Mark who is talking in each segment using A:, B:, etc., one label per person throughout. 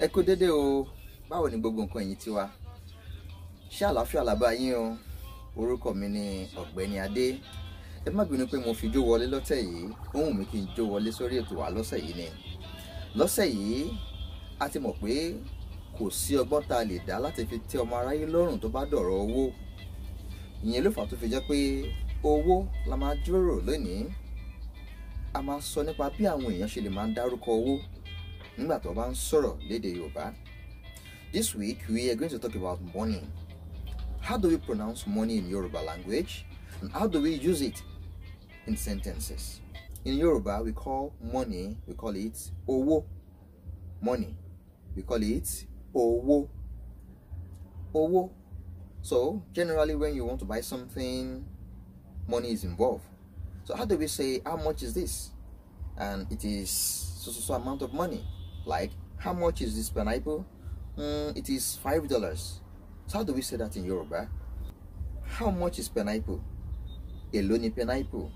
A: ẹ kú dédé o báwo ni gbogbo nǹkan yìí tiwa ṣé àlàáfíà làbá yín o orúkọ mi ni ọ̀gbẹ́ni adé ẹ má bínú pé mo fi jó wọlé lọ́tẹ̀ yìí ohun mi kì í jó wọlé sórí ètò wa lọ́sẹ̀ yìí ni lọ́sẹ̀ yìí a ti mọ̀ pé kò sí ọgbọ́n tá a lè dá láti fi tẹ́ ọmọ aráyé lọ́rùn tó bá dọ̀rọ̀ owó ìyẹn ló fà tó fi jẹ́ pé owó la máa jíròrò lónìí a máa sọ nípa bí àwọn èèyàn ṣe lè máa dárúkọ owó sọ̀rọ̀ Yorùbá this week we are going to talk about money how do we pronounce money in Yoruba language and how do we use it in sentences in Yoruba we call money we call it owó money we call it owó owó so generally when you want to buy something money is involved so how do we say how much is this and it is so so so amount of money like, how much is this pineapple? Mm, it is five dollars. So how do we say that in Yoruba? How much is pineapple? a ni pineapple.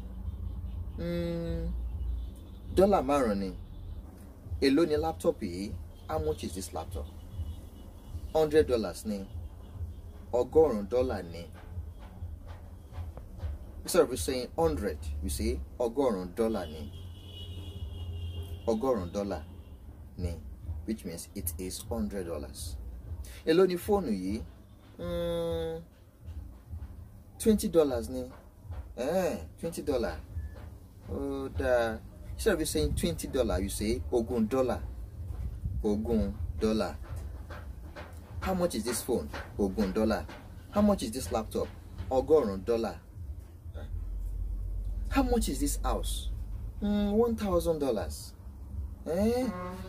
A: Mm, dola a márùn-ún ni laptop How much is this laptop? hundred dollars ni. ogorun dollar dọ́là ni. Instead of saying hundred, you say ogorun dollar dọ́là ni. Ọgọ́rùn-ún ni which means it is hundred dollars èló ni fóònù yìí hmm, twenty dollars ni eh, twenty dollar ó dáa instead of you saying twenty dollar you say ogun dollar ogun dollar how much is this phone Ogun dollar how much is this laptop ọgọ́rùn dollar how much is this house hmm, one thousand dollars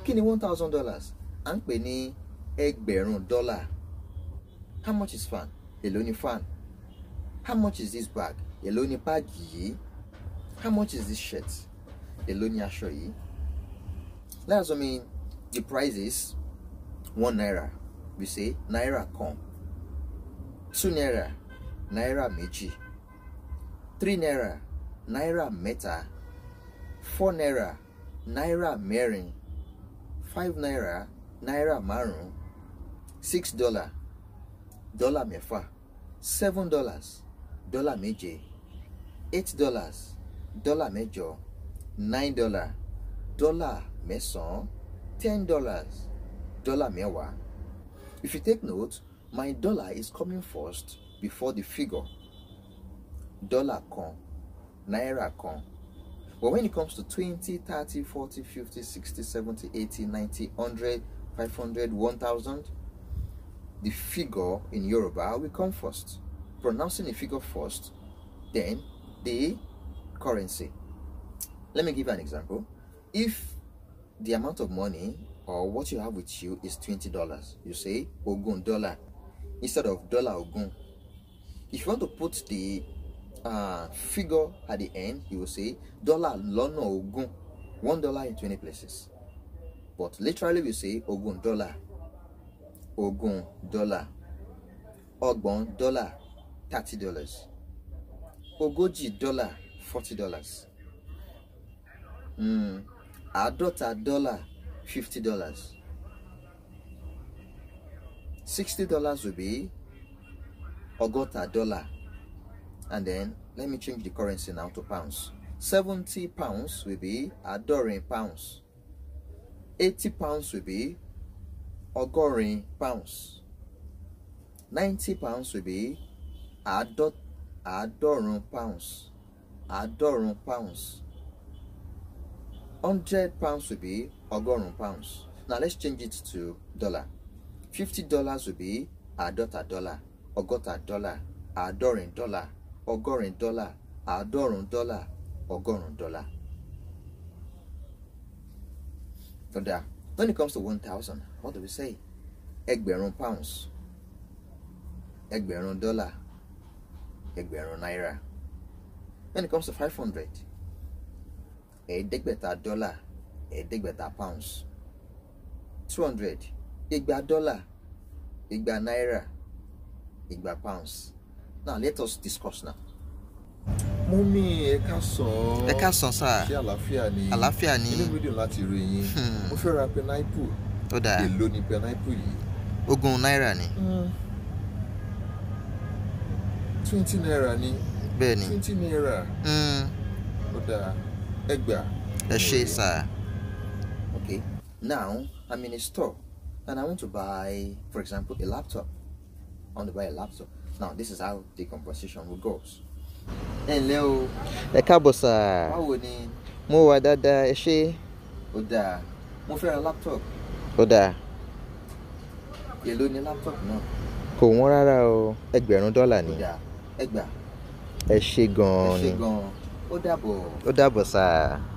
A: kí ni one thousand dollars à ń pè ní ẹgbẹ̀rún dọ́là how much is fan èló ni fan how much is this bag èló ni báàgì yìí how much is this shirt èló ni aṣọ yìí let us mean the price is one naira we say naira kan two naira naira méjì three naira naira mẹ́ta four naira Naira mẹ́rin five naira naira márùn six dollar dollar mẹ́fà seven dollars dollar méje eight dollars dollar mẹ́jọ nine dollar dollar mẹ́sàn-án ten dollars dollar mẹ́wàá. If you take note, my dollar is coming first before the figure. Dollar kan, naira kan. But when it comes to 20, 30, 40, 50, 60, 70, 80, 90, 100, 500, 1000, the figure in Yoruba will come first. Pronouncing the figure first, then the currency. Let me give you an example. If the amount of money or what you have with you is $20, you say Ogun dollar instead of dollar Ogun. If you want to put the uh, figure at the end, he will say dollar lọ́nà ogun, one dollar in twenty places. But literally we say ogun dollar, ogun dollar, ogun dollar, thirty dollars, ogójì dollar, forty dollars, mm, àádọ́ta dollar, fifty dollars. Sixty dollars will be ogota dollar and then let me change the currency now to pounds 70 pounds will be àádọ́rin pounds 80 pounds will be ọgọ́rin pounds 90 pounds will be àádọ́ àádọ́rùn pounds àádọ́rùn pounds 100 pounds will be ọgọ́rùn pounds now let's change it to dollar 50 dollars will be a dollar ọgọ́ta dollar àádọ́rin dollar ọgọ́rin dọla, àádọ́rùn dọla, ọgọ́rùn dọla. Tọ́da when it comes to one thousand what do we say? ẹgbẹ̀rún pounds ẹgbẹ̀rún dọ́là ẹgbẹ̀rún náírà when it comes to five hundred ẹ̀ẹ́dẹ́gbẹ̀ta dọ́là ẹ̀ẹ́dẹ́gbẹ̀ta pounds two hundred igba dọ́là igba náírà igba pounds. now let us discuss now. mú mi ẹ ká sàn. ẹ ká sàn sáà ṣé ni àlàáfíà ni inú mi dùn láti rí hmm. mo fẹ́ ra pineapple tó dáa èló ni pineapple yìí. ogún náírà ni. Hmm. twenty naira ni. bẹ́ẹ̀ twenty naira. Hmm. ó dáa ẹgbàá. ẹ ṣe sáà. okay now i'm in a store and i want to buy for example a laptop i want to buy a laptop now this is how the conversation will go. ẹ ǹlẹ́ o. ẹ káàbọ̀ sà. báwo mo wada da ẹ Oda. mo fẹ́ ra laptop. Oda. dáa. èló ni laptop náà. kò wọ́n rárá o ẹgbẹ̀rún dọ́là ni. Oda. dáa ẹgbàá. ẹ ṣé gan-an ni. ẹ ṣé gan-an ó dàbọ̀. ó dàbọ̀